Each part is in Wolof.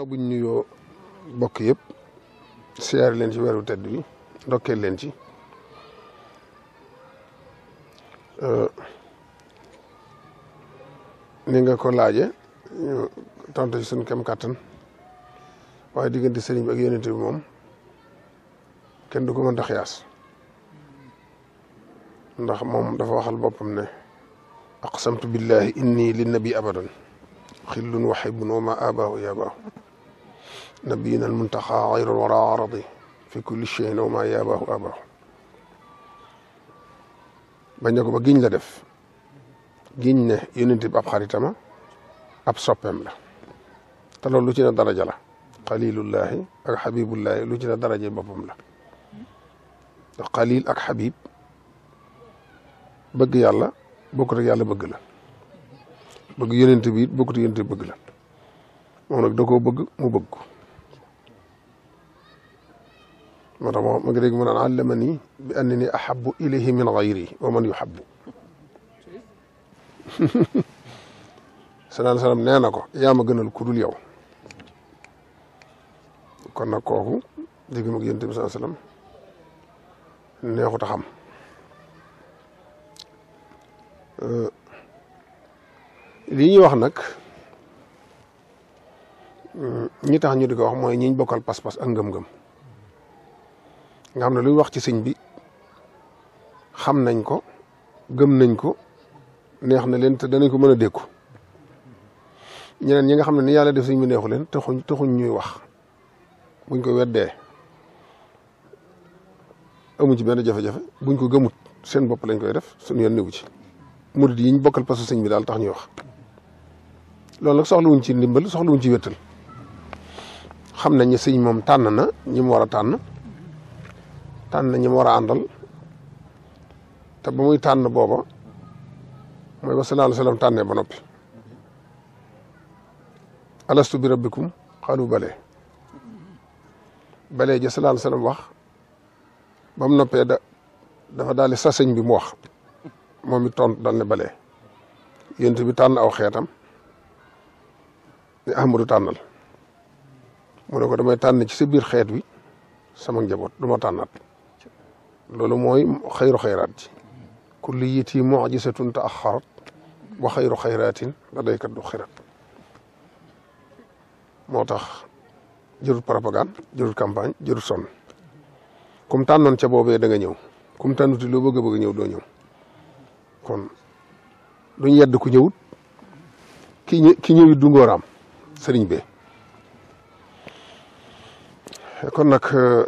waaw buñ nuyoo bokk yëpp siyaare leen ci weeru tedd bi ndokkeel leen ci ni ko laaje ñu tontu ci kem kàttan waaye diggante sëriñ bi ak yonent moom kenn du ko mën ndax moom dafa waxal boppam ne aqsamtu billahi inni linnabi abadan xillun wa xibun wa ma abaahu yaabaahu nabiyina almuntaxa xayru lwara aradi fi kulli cheyin aw ma yaabaahu abaahu bañ ne ba giñ la def giñ ne yonent bi ab xaritama ab soppeem la te loolu lu ci ne daraja la xalilullahi ak xabibullahi lu ci ne daraje boppam la te xalil ak xabib bëgg yàlla bokkut ak yàlla bëgg la bëgg yonent bi it bokkut yonent bi bëgg la moom nag da bëgg mu bëgg moo tax ma ngi dégg mu naan àllama nii bi anni ni ahabu ilayhi min gayri wa man yuhabbu sallallahu alayhi wasallam nee na ko yaa ma gënal ku dul kon nag kooku dégg ma ko yonent bi sallallahu alayhi wasallam neexut a xam euh, li ñuy wax nag ñi tax ñu di ko wax mooy ñiñ bokkal pas ak ngëm nga xam ne luy wax ci sëñ bi xam nañ ko gëm nañ ko neex na leen te danañ ko mën a dékku ñeneen ñi nga xam ne ni yàlla def sëñ bi neexu leen taxuñ taxuñ ñuy wax buñ ko weddee amu ci benn jafe-jafe buñ ko gëmut seen bopp lañ koy def suñu yoon newu ci murid yiñ ñu bokkal pasu sëñ bi daal tax ñuy wax loolu nag soxlawuñ ci ndimbal soxlawuñ ci wéttal xam nañ ne sëñ moom tànn na ñi mu war a tànn tànn ñi mu war a àndal te ba muy tànn booba mooy ba sallallahu alayhi wa tànnee ba noppi alastu bi rabbikum xaalu bale bale ja sallallahu alayhi wa wax bam noppee da dafa daal di saseñ bi mu wax moom it tontu daal ne bale yént bi tànn aw xeetam ne ahmadu tànnal mu ne ko damay tànn ci sa biir xeet wi sama njaboot du ma tànnaat loolu mooy xayru xayraat ji kulli yit yi mojisatun ta axarat wa xayru xayraatin la daykat du xirat moo tax jërul propagande jërul campagne jërul son kum tànnoon ca boobee da nga ñëw kum tànnuti loo bëgg a bëgg ñëw doo ñëw kon duñ yedd ku ñëwut ki ñë ki ñëwit du sëriñ bi kon nag euh,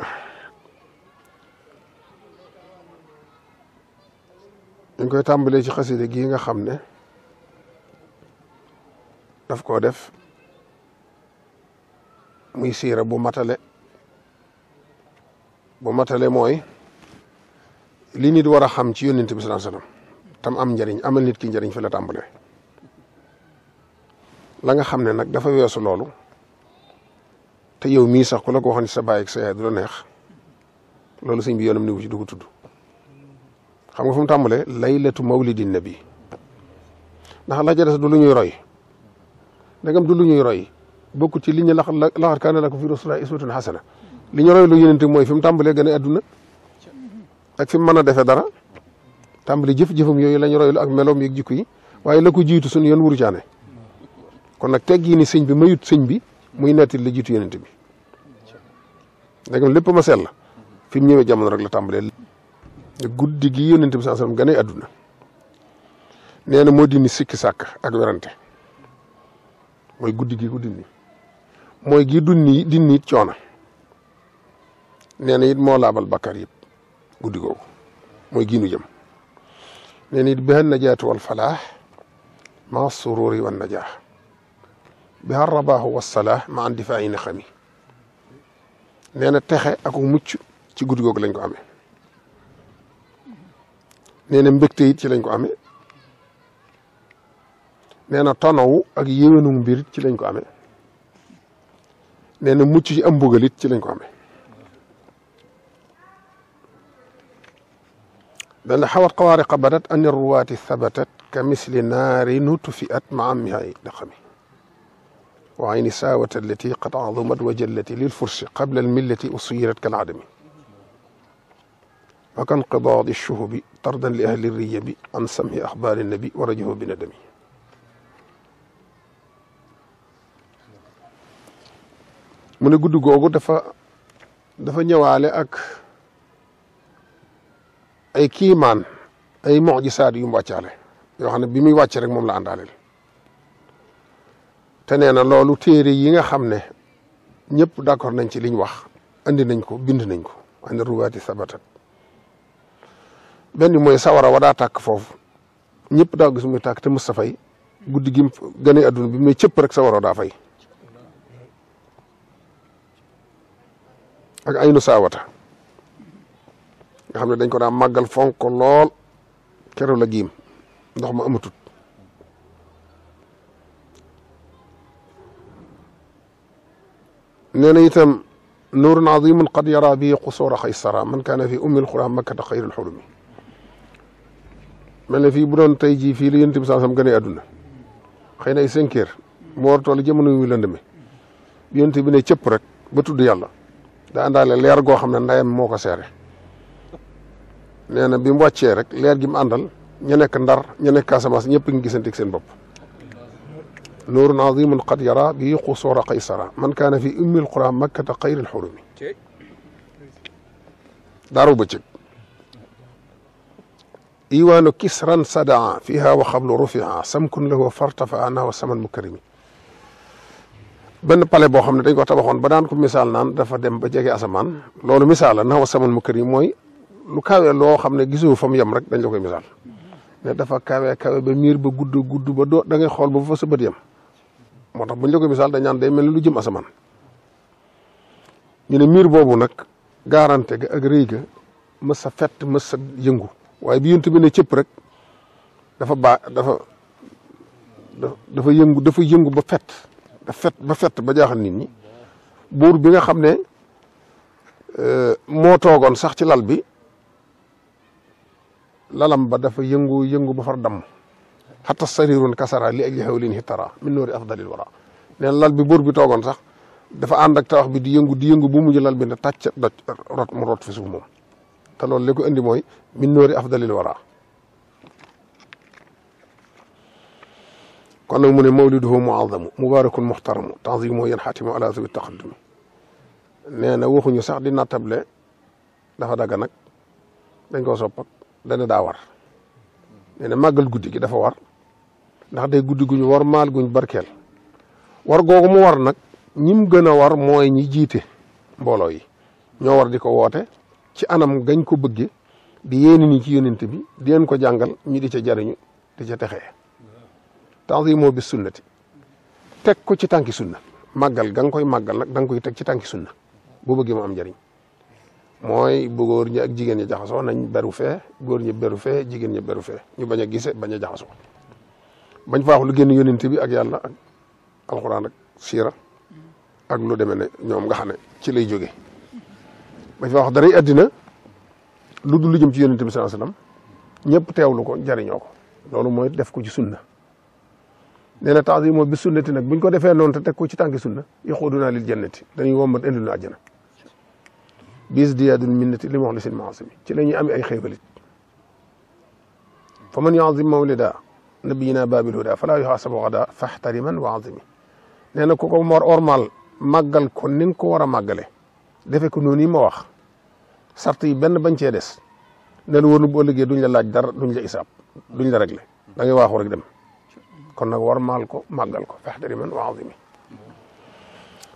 ñu koy tàmbalee ci xaside gii nga xam ne daf koo def muy siira bu matale bu matale mooy li nit war a xam ci yónnent bi sallallahu alayhi wasallam tam am njëriñ amal nit ki njëriñ fi la tàmbalee la nga xam ne nag dafa weesu loolu te yow mii sax ku la ko waxoon ci sa baay ak sa yaay du la neex loolu sëñ bi yoonam niwu ci du tudd xam nga fu mu tàmbalee laylatu mawlidin nabi ndax la des du lu ñuy roy ndegam du ñuy roy bokk ci li ñu laxa laxat kaana lakum fi rasulillahi uswatun hasana li ñu roy lu yonente mooy fi mu tàmbalee gën a adduna ak fi mu mën a defee dara tàmbali jëf-jëfam yooyu la ñu roylu ak meloom yeeg jikko yi waaye la ko jiitu suñu yoon wuru caane kon nag tegg yi ni sëñ bi mayut sëñ bi muy netti la jiitu yonente bi ndegam lépp ma sell fi mu ñëwee jamono rek la tàmbalee guddi gi yonent bi saa sallam gane àdduna nee na moo dindi sikki sàkk ak werante mooy guddi gi ko dindi mooy gi dunni dindi it coona nee na it moo laabal bakkaar yëpp guddi googu mooy gi giinu jëm nee na it biha najaatu wal falaax ma sururi wan najaax biha rabaaxu wasalaax ma an difaayi na xami nee na texe ak mucc ci guddi googu lañ ko amee nee na mbégte it ci lañ ko amee nee na tonaw ak yéwénu mbir ci lañ ko amee nee na mucc ci am mbugal it ci lañ ko amee dana xawat xawaariqa badat an ruwaati sabatat ka misli naari nutfiat ma ammihay daqami wa ayni saawat allati qad azumat wa jallati lil fursi qabla al millati usirat kal adami bi وكانقضاض الشهب طردا لأهل الريب عن سمع أخبار النبي ورجه بندمه mu ne gudd googu dafa dafa ñëwaale ak ay kiimaan ay mojisaat yu mu wàccaale yoo xam ne bi muy wàcc rek moom la àndaaleel te nee na loolu téere yi nga xam ne ñëpp d'accord nañ ci liñ wax andi nañ ko bind nañ ko an ruwaati sabatat benn bi mooy sawara wa daa tàkk foofu ñëpp daa gis muy tàkk te mës fay guddi gi gane adduna bi mais cëpp rek sawara daa fay ak aynu saawata nga xam ne dañ ko daa màggal fonk lool keroog la giim ndox ma amatut nee na itam nuurun azimun qad yara a qusuura xaysara man kaana fi ummi alxura makkata xayril xulumi mel ne fii bu doon tey jii fii la yonent bi saa sam gënee àdduna xëy na ay cinq heures mu war toll jamono yu lënd mi yonent bi ne cëpp rek ba tudd yàlla daa àndaale leer goo xam ne ndayam moo ko seere nee na bi mu wàccee rek leer gi mu àndal ña nekk ndar ña nekk Casamance ñëpp ngi gisanteeg seen bopp na nuurun azimun qad yara bii xusuura qaysara man kaana fi ummil qura makkata xayril xurumi daaru bëccëg iwaanu kisran sadaa fiha wa xablu rufia samkun lahu fartafa na wa saman mukarimi benn palais boo xam ne dañ ko tabaxoon ba daan ko misaal naan dafa dem ba jege asamaan loolu misaal la na mu saman mukarimi mooy lu kawe loo xam ne gisoo fa mu yem rek dañ la koy misaal ne dafa kawe kawe ba miir ba gudd gudd ba doo da ngay xool ba fa sa bët yem moo tax buñ la koy misaal dañ day mel ni lu jëm asamaan ñu ne miir boobu nag garanté ga ak rëy ga waaye bi yonent bi ne cëpp rek dafa baa dafa dafa yëngu dafa yëngu ba fett ba fett ba fett ba jaaxal nit ñi buur bi nga xam ne euh, moo toogoon sax ci lal bi lalam ba dafa yëngu yëngu ba far dam xatta sariirun kasara li ajli hawlin hitara min noori afdalil wara neen lal bi buur bi toogoon sax dafa ànd ak tawax bi di yëngu di yëngu bu mujj lal bi ne tàcc doj rot mu rot fi suuf moom te loolu li ko indi mooy min nóori afdalil wara kon nag mu ne mawliduhu muazamu mubarakun muxtaramu mooy yan xaatimu ala sabi taqaddumi nee na waxuñu sax di nattable dafa daga nag dañ koo soppat dana daa war nee na màggal guddi gi dafa war ndax de guddi guñu war maal guñ barkeel war googu mu war nag ñim gën a war mooy ñi jiite mbooloo yi ñoo war di ko woote ci anam gañ ko bëgge di yéene ni ci yónnent bi di leen ko jàngal ñu di ca jariñu di ca texee moo bi sunnati teg ko ci tànki sunna màggal ga nga koy màggal nag da koy teg ci tànki sunna boo bëggee mu am njariñ mooy bu góor ñi ak jigéen ñi jaxasoo nañ beru fee góor ñi beru fee jigéen ñi beru fee ñu bañ a gise bañ a jaxasoo bañ faaxu lu génn yónnent bi ak yàlla ak alxuraan ak siira ak lu demee ne ñoom nga xam ne ci lay jóge ma ci wax daray àddina lu dul lu jëm ci yonente bi sallallahu alayhi wasallam ñëpp teewlu ko jariñoo ko loolu mooy def ko ci sunna nee na taazimo bi sunnati nag buñ ko defee noonu te teg ko ci tànki sunna yaxuduna lil jannati dañuy wommat indi na àjjana bis diyaadul minnati li moxlisin maasimi ci la ñuy amee ay xéewalit fa man yaazim mawlida nabiyina babil huda falaa yuxaasabu xada faxtariman wa azimi nee na ku ko mor ormal màggal ko nin ko war a màggale defe ko noonu yi wax sart yi benn bañ cee des leen wóor nu boo liggéey duñ la laaj dara duñ la isaab duñ la réglé da ngay waaxu rek dem kon nag war maal ko màggal ko faxdari man wa azimi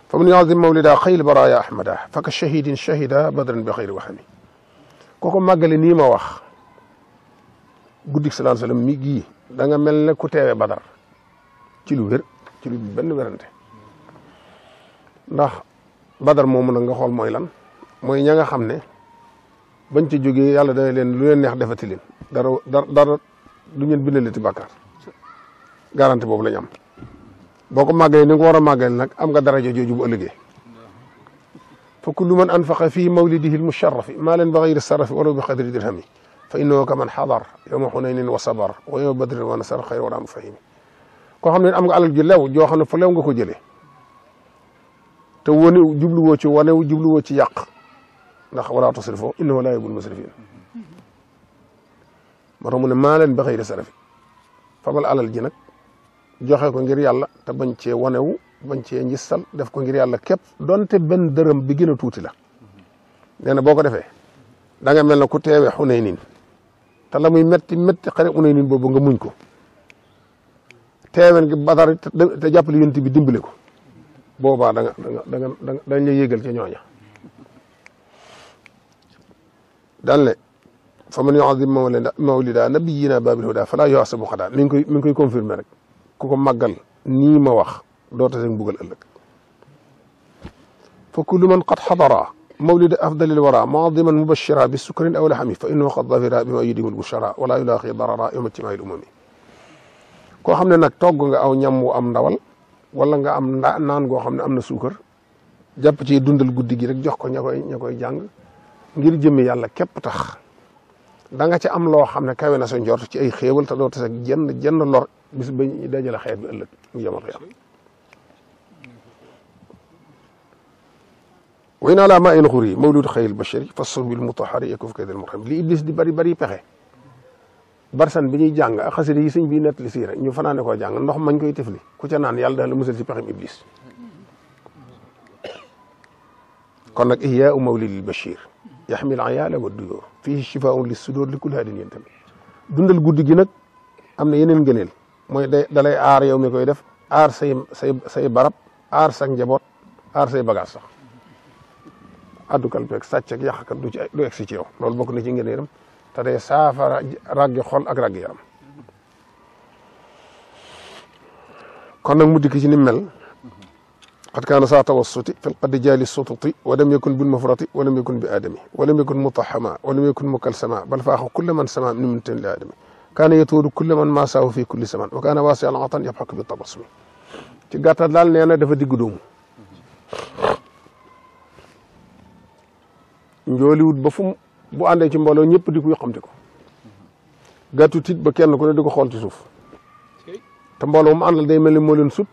fa man yuazim mawlida xayl baraya ahmada faka shahidin shahida badran bi xayri waxami kooko màggale nii ma wax guddik salaan salaam mi gii da nga mel ne ku teewee badar ci lu wér ci benn werante ndax badar moomu nag nga xool mooy lan mooy ña nga xam ne bañ ci jógee yàlla dana leen lu leen neex defati leen dara dara du ngeen ti bàkkaar garanti boobu lañ am boo ko màggalee ni ko war a màggal nag am nga daraja jooju bu ëllëgee fa kullu man anfaqa fii mawlidihi almusharafi maalan bi gayri sarafi walaw bi qadri dirhami fa innahu ka man xadar yowma xunaynin wa sabar wa yowma badrin wa nasar xayr wala mu fahimi koo xam ne am nga alal ju lew joo xam ne fu lew nga ko jëlee te wane jubluwoo ci wane jubluwoo ci yàq ndax wala tusrifu innahu laa yuhibbul musrifin moo tax mu ne maa leen ba xëy de sarafi fabal alal ji nag joxe ko ngir yàlla te bañ cee wanewu bañ cee njistal def ko ngir yàlla képp donte benn dërëm bi gën a tuuti la nee boo ko defee danga mel na ku teewee xunay niin te la muy métti métti xare unay niin boobu nga muñ ko teeween gi badar te jàppale yonent bi dimbale ko boo da nga da nga da nga dañ lay yëgal ca daal ne fa man yuazim mawlida nabiyina babil huda fala yuasabu xadaa mi ngi koy mi ngi koy confirmé rek ku ko màggal nii ma wax doo tase mbugal ëllëg fa kullu man qad xadara mawlida afdalil wara maadiman mubashira bi sukrin aw laxami fa innahu qad dafira bima yudimu lbushara wala yulaaxi darara yowma ijtimaai lumami koo xam ne nag togg nga aw ñam wu am ndawal wala nga am naan goo xam ne am na suukar jàpp ci dundal guddi gi rek jox ko ña koy ña koy jàng ngir jëmmi yàlla képp tax danga ci am loo xam ne kawe na sa njort ci ay xéewal ta doo tase jenn jenn lor bis ba ñuy dajale xeet bi ëllëg mu yemal ko yàlla. way naa laa maa in xur yi mawlud xayil bachari fasun bil mutahari yakuf kaydil murham li iblis di bari bari pexe barsan bi ñuy jàng ak xasida yi sëñ bi nett li siira ñu fanaane koo jàng ndox mañ koy tefli ku ca naan yàlla dana la musal ci pexem iblis kon nag iyaa u mawlidil bachir yaxmil ayaala wa duyóor fii shifaun li sudóor li kulli aadin yéen tamit dundal guddi gi nag am na yeneen ngëneel mooy day dalay aar yow mi koy def aar say say say barab aar sa njaboot aar say bagage sax addukal beeg sàcc ak yàq kat du ci du loolu bokk na ci ngëneelam te day saafara raggi xol ak raggi yaram kon nag mu dikk ci ni mel qad kaana saa tawassuti fan qad jaali sututi walam yakun bil mufrati walam yakun bi aadami walam yakun mutahama walam yakun mukalsama bal faaxa kulla sama min mumtin li aadami kaana yatuudu kulla man maasaahu fi kulli zaman wa kaana waasi alatan yabxaku bi tabassumi ci gàttal daal nee na dafa diggu doomu njooliwut ba fu bu àndee ci mbooloo ñëpp di ko yoxamti ko gàttu tiit kenn ku ne di ko xool ci suuf te mbooloo mu àndal day mel ni moo leen sut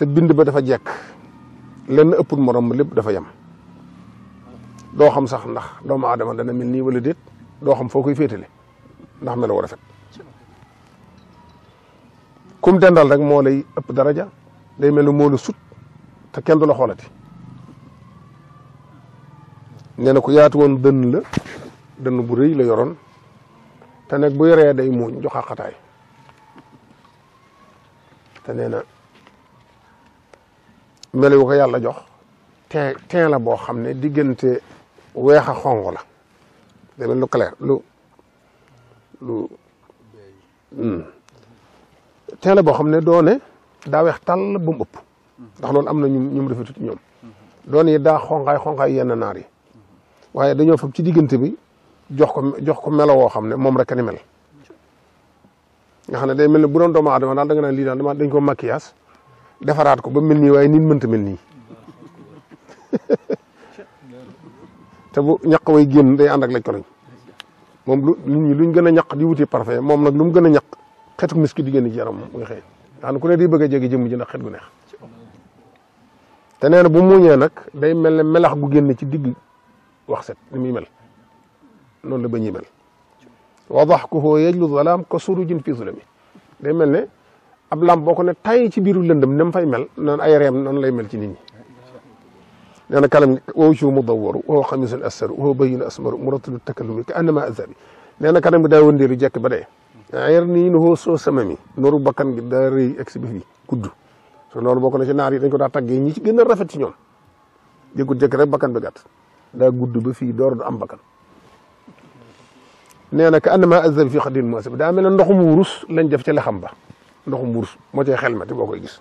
te bind ba dafa jekk lenn ëppul morom lépp dafa yem doo xam sax ndax doomu aadama dana mel nii wala déet doo xam foo koy féetale ndax mel war a fet kum dendal rek moo lay ëpp daraja day mel ni moo la sut te kenn du la xoolati nee na ku yaatu woon dënn la dënn bu rëy la yoroon te nag bu yoree day muuñ jox xaqataay te nee na melo yu ko yàlla jox ten ten la boo xam ne diggante weex a xonq la demel lu clair lu lu hmm. ten la boo xam ne doone daa weex tàll ba mu ëpp ndax loolu am na ñu ñu mu defetut ñoom doon yi daa xonqaay xonqaay yenn naar yi waaye dañoo fab ci diggante bi jox ko jox ko melo woo xam ne moom rek ni mel nga xam ne day mel ne bu doon doomu aadama daal da nga naan lii daal dama dañ ko maquillage defaraat ko ba mel nii waaye nit mënta mel nii te bu ñaq way génn day ànd ak lañ moom lu nit ñi gën a ñaq di wuti parfait moom nag lu mu gën a ñaq xetu miski di génn ci yaram muy xëy xam ku ne day bëgg a jege jëmm ji ndax xet gu neex te nee na bu muuñee nag day mel ne melax gu génn ci digg waxset set ni muy mel la ba ñuy mel wa daxkuhu yajlu zalaam ka surujin fi zulami day mel ne ab lam boo ne tay ci biiru lëndëm ni mu fay mel noonu ay reem noonu lay mel ci nit ñi nee na kalam wow mu dawwaru wow xamisul assaru wow bayinu asmaru muratilu takallumi ka annama azabi nee na jekk ba dee ayer nii nu bakkan gi daa rëy bi fii gudd so bokk na ci naar yi dañ ko daa taggee ñi ci gën a rafet ci ñoom jëkkut jëkk rek bakkan bi gàtt da gudd ba fii door du am bakkan nee na ka annama azal fii xadin moosib daa mel ne ndoxum wurus lañ def ci lexam ba ndoxu mbuurs moo cay xelmati boo koy gis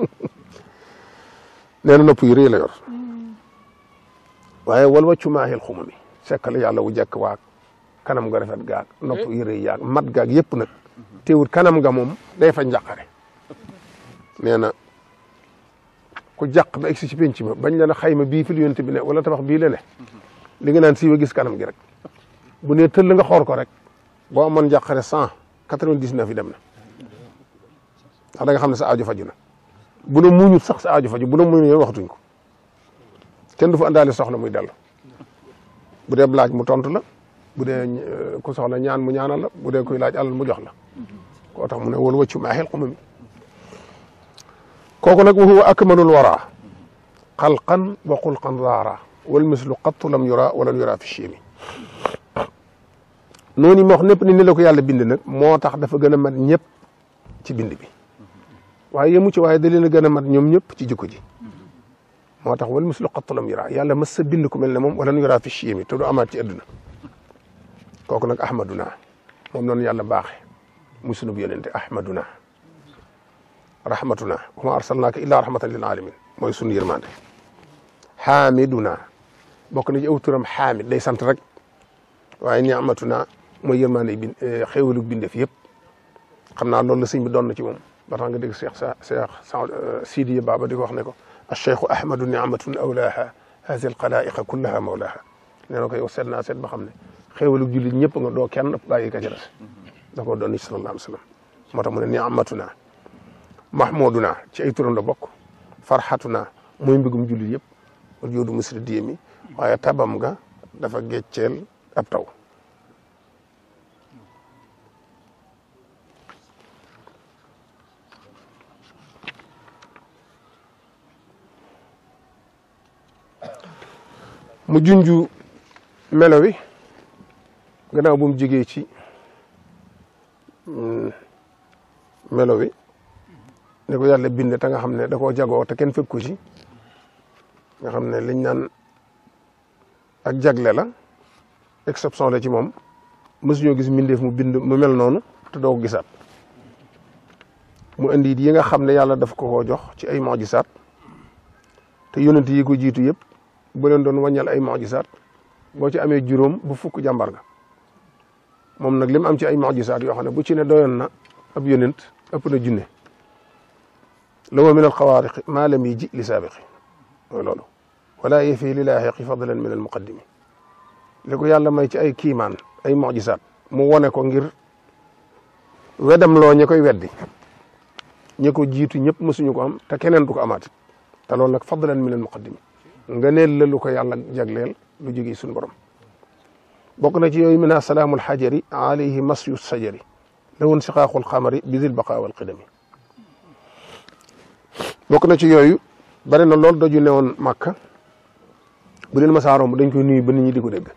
nee na nopp yu la yor mm. waaye wal wàccu maaxil xuma mi sekkal yàlla wu jekk waag kanam nga rafet gaag nopp eh? yu rëy yaag mat gaag yëpp nag mm-hmm. teewul kanam nga moom day fa njàqare nee na ku jàq ba egsi ci penc ma bañ la na xayma bii fi lu yonent bi ne wala tabax bi la ne li nga naan siiwa gis kanam gi rek bu nee tëll nga xool ko rek boo amoon njàqare cent 99 yi dem na ndax da xam ne sa aajo faju na bu na muñu sax sa aajo faju bu na muñu yoon ko kenn du fa àndaale soxla muy dellu bu dee laaj mu tontu la bu dee euh, ku soxla ñaan mu ñaanal la bu dee kuy laaj alal mu jox la koo tax mu ne wal wëccu maaxil xuma mi kooku nag wa huwa akmalul wara xalqan wa xulqan raara wal mislu qattu lam yura walam yura fi chiimi noonu yi ma wax ni ni ko yàlla bind nag moo tax dafa gën a mat ñëpp ci bind bi waaye yemu ci waaye da leen a gën a mat ñoom ñëpp ci jikko ji moo tax wal mislu xattalam yura yàlla mas sa bind ku mel ne moom wala nu yura fi chii mi te du amaat ci adduna kooku nag ahmaduna moom noonu yàlla baaxe muy sunub yonente ahmaduna rahmatuna wa ma arsalnaaka illa rahmatan lil alamin mooy sunu yërmande xaamiduna bokk na ci aw turam xaamid day sant rek waaye niamatuna mooy yërmaande bi eh, xéewalu bindeef yëpp xam naa loolu la sëñ bi doon na ci moom ba tax nga dégg Cheikh sa Cheikh eh, Sidiya Baba di ko wax ne ko acheikhu ahmadu niamatun awlaaha haasi alxalaa'iqa kullaha mawlaaha nee na ko yow seet naa seet ba xam ne xéewalu jullit ñëpp nga doo kenn bàyyi ka ci des da koo doon ci sallallahu alayhi wa sallam moo tax mu ne niamatuna mahmuduna na ay turam la bokk farxatuna muy mbigum yëpp wal joodu musri diyemi waaye tabam ga dafa gécceel ab taw mu junju melo wi gannaaw bu mu jógee ci mm, melo wi ne yàlla bind ta nga xam ne da koo jagoo te kenn fekk ko ci nga xam ne liñ naan ak jagle la exception la ci moom mësuñoo gis mbindeef mu bind mu mel noonu te doo gisaat mu indi yi nga xam ne yàlla daf ko koo jox ci ay mojisaat te yonent yi ko jiitu yëpp bu leen doon wàññal ay mojisaat boo ci amee juróom bu fukk jàmbar nga moom nag li mu am ci ay mojisaat yoo xam ne bu ci ne doyoon na ab yonent ëpp na junne la wa min alxawaariqi maa lam yi ji li saabiqi mooy loolu wala yefi li laaxiqi fadlan min almuqaddimi li ko yàlla may ci ay kiimaan ay mojisaat mu wone ko ngir wedam loo ñi koy weddi ñi ko jiitu ñëpp mësuñu ko am te keneen du ko amaat te loolu nag fadlan min almuqaddimi nga neel la lu ko yàlla jagleel lu jógee suñu borom bokk na ci yooyu mina salaamul xajari alayhi masyu sajari la woon siqaaqul xamari bisil baqa wal qidami na ci yooyu bare na lool doju newoon màkka bu leen masaa romb dañ koy nuyu ba nit ñi di ko dégg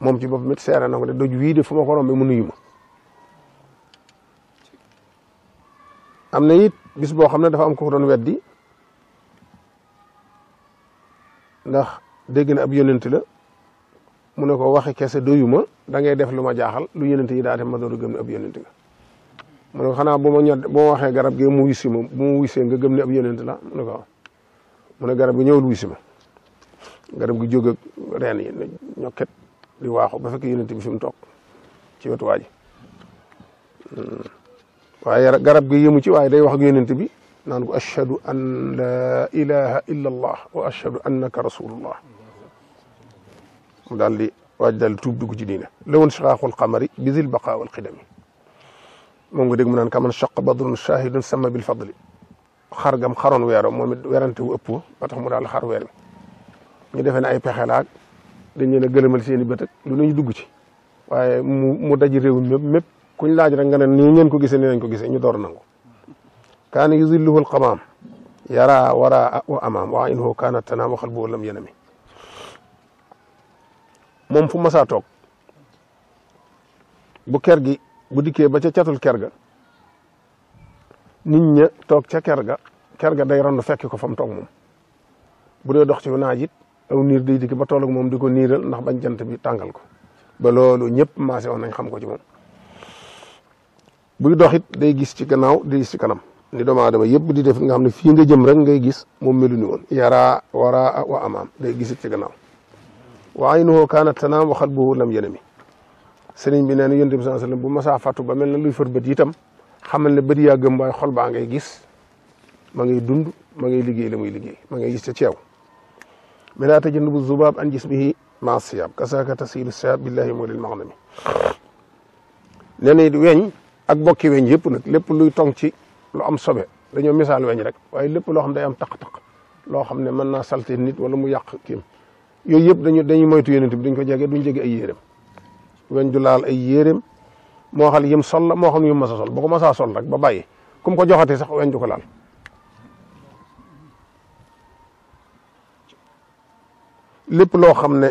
moom ci boppam it seere na ko ne wii de fu ma ko rombe mu nuyu ma am na yit bis boo xam ne dafa am ko doon weddi ndax dégg na ab yonent la mu ne ko waxe kese doyuma da ngay def lu ma jaaxal lu yonent yi daa def ma dooru gëm ne ab yonent nga mu ne ko xanaa boo ma ñod waxee garab gi mu wuy si ma bu ma nga gëm ne ab yonent la ne ko mu ne garab gi ñëwul wuy si ma garab gi jóg ak reen yi ñokket di waaxo ba fekk yonent bi fi mu toog ci wetu waa ji hmm. waaye garab gi yëmu ci waaye day wax ak bi naan ko ashhadu an laa ilaha illa allah wa ashhadu annaka rasulullah mu daal di waaj daal di dugg ci diina lawoon shaqaaqul qamari bi zil baqa wal qidami moom nga dégg mu naan kaman shaq badrun shahidun sama bil fadli xar gam xaroon weero mo it werante wu ëpp ba mu daal xar weer ñu defee ne ay pexe laag dañ leen a gëlëmal seen i bët ak lu ñu dugg ci waaye mu mu daji réew mi mépp kuñ laaj rek nga ne ko gisee nii nañ ko gisee ñu door nangu kaana yuzilluhu alqamaam yara wara wa amaam wa inhu kaana tanaamu xalbu lam yanami moom fu masaa toog bu ker gi bu dikkee ba ca catul ker ga nit ña toog ca ker ga ker ga day randu fekki ko fa mu toog moom bu dee dox ci naaj it aw niir day dikki ba tool moom di ko niiral ndax bañ jant bi tàngal ko ba loolu ñëpp maase woon nañ xam ko ci moom buy dox it day gis ci gannaaw day gis ci kanam ni doomu aadama yëpp di def nga xam ne fii nga jëm rek ngay gis moom melu ni woon yara wara wa amaam day gisit ci gannaaw wa aynuhu kaanat tanaam waxat bu lam yanami sëriñ bi nee na yonent bi sallallahu alayhi wasallam bu masa fàttu ba mel na luy fër bët itam xamal ne bët yaa gëm waaye xol baa ngay gis ma ngay dund ma ngay liggéey la muy liggéey ma ngay gis ca ceew mela bu zubaab an jismihi ma siyaab ka tasilu siyaab billahi mawlil maghnami nee na it weñ ak bokki yëpp nag lépp luy tong ci lu am sobe dañoo misaal weñ rek waaye lépp loo xam day am taq-taq loo xam ne mën naa salte nit wala mu yàq kiim yooyu yëpp dañu dañuy moytu yonent bi duñ ko jege duñ jege ay yéeréem weñ du laal ay yéeréem moo xam yim sol la moo xam yim masa sol ba ko masaa sol rek ba bayi ku ko joxatee sax weñ du ko laal lépp loo xam ne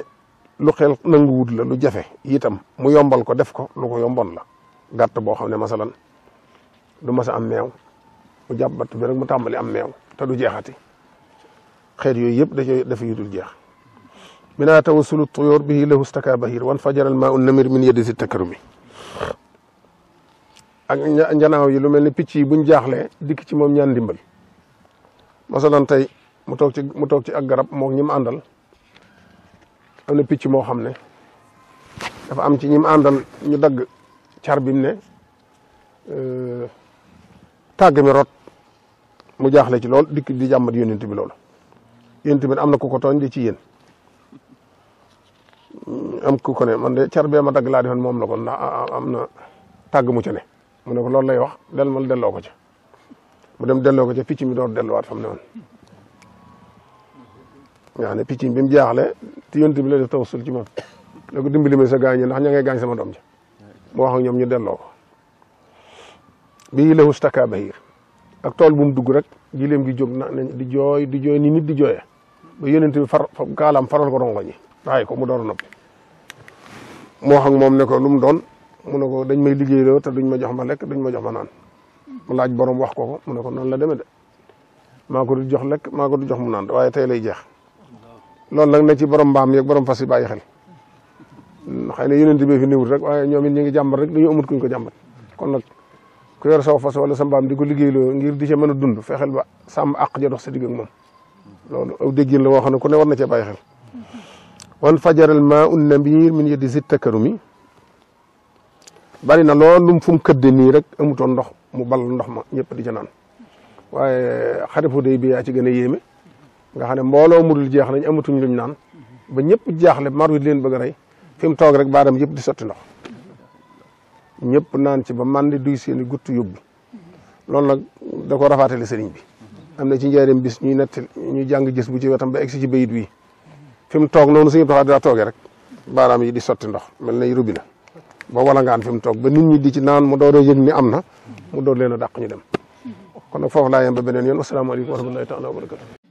lu xel nanguwut la lu jafe itam mu yombal ko def ko lu ko yombon la gàtt boo xam ne masalan du masa am meew mu jàpp batt bi rek mu tàmbali am meew te du jeexati xeet yooyu yëpp dañoo dafa yu dul jeex mina tawasulu tuyóor bihi lahu staka bahir wan fajaral maa un namir min yeddi si takkaru bi ak njanaaw yi lu mel ni picc yi buñ jaaxlee dikk ci moom ñaan ndimbal masalan tey mu toog ci mu toog ci ak garab moog ñi mu àndal am na picc moo xam ne dafa am ci ñi mu ñu dagg car bi mu ne euh, tàgg mi rot mu jaaxle ci lool dikk di jàmmat yonent bi loolu yéen tamit am na ku ko tooñ ci yéen mm, am ku ko ne man de car bee ma dagg laa moom la ko ndax ah, ah, am na tàgg mu ca ne mu ne ko loolu lay wax del ma delloo ko ca mu dem delloo ko ca picc mi door delluwaat fam ne woon nga xam ne picc mi bi mu jaaxle te yonent bi la def tawassul ci moom la ko dimbali sa gaañ ñi ndax ña ngay ma doom ja mu wax ak ñoom ñu delloo ko bii lahu staka bahir ak tool bu mu dugg rek gileem gi jóg na di jooy di jooy ni nit di jooyee ba yonent bi far kaalaam faral ko rongoñi waaye ko mu door noppi moo xam moom ne ko lu mu doon mu ne ko dañ may liggéeyloo te duñ ma jox ma lekk duñ ma jox ma naan mu laaj borom wax ko ko mu ne ko noonu la demee de maa ko du jox lekk maa ko du jox mu naan waaye tey lay jeex loolu nag na ci borom mbaam yeeg borom fas yi bàyyi xel xëy na yonent bi fi néewul rek waaye ñoom it ñu ngi jàmbat rek dañu amut kuñ ko jàmbat ku yor saw fas wala sa mbaam di ko liggéeyloo ngir di ca mën a dund fexeel ba sàmm àq ja dox sa digg ak moom loolu aw la woo xam ne ku ne war na cee bàyyi xel wan fajaral ma un nabir min yeddi si takkaru mi bari na loolu lum fu mu këdde nii rek amutoon ndox mu bal ndox ma ñëpp di ca naan waaye xarifu day bi yaa ci gën a yéeme nga xam ne mbooloo mudul jeex nañ amatuñ luñ naan ba ñëpp jaaxle mar wi leen bëgg a rey toog rek baadam yëpp di sotti ndox ñëpp naan ci ba màndi duy seeni guttu gutt yóbbu loolu nag da ko rafaatale sëriñ bi am na ci njaareem bis ñuy nettali ñu jàng gis bu ci wetam ba egsi ci bayit wi fi mu toog noonu suñu taxaw daa toogee rek baaraam yi di sotti ndox mel na robinet ba wala ngaan fi mu toog ba nit ñi di ci naan mu door a yëg ni am na mu door leen a ñu dem kon nag foofu laa yem ba beneen yoon wasalaamaaleykum wa rahmatullahi taala wa barakatu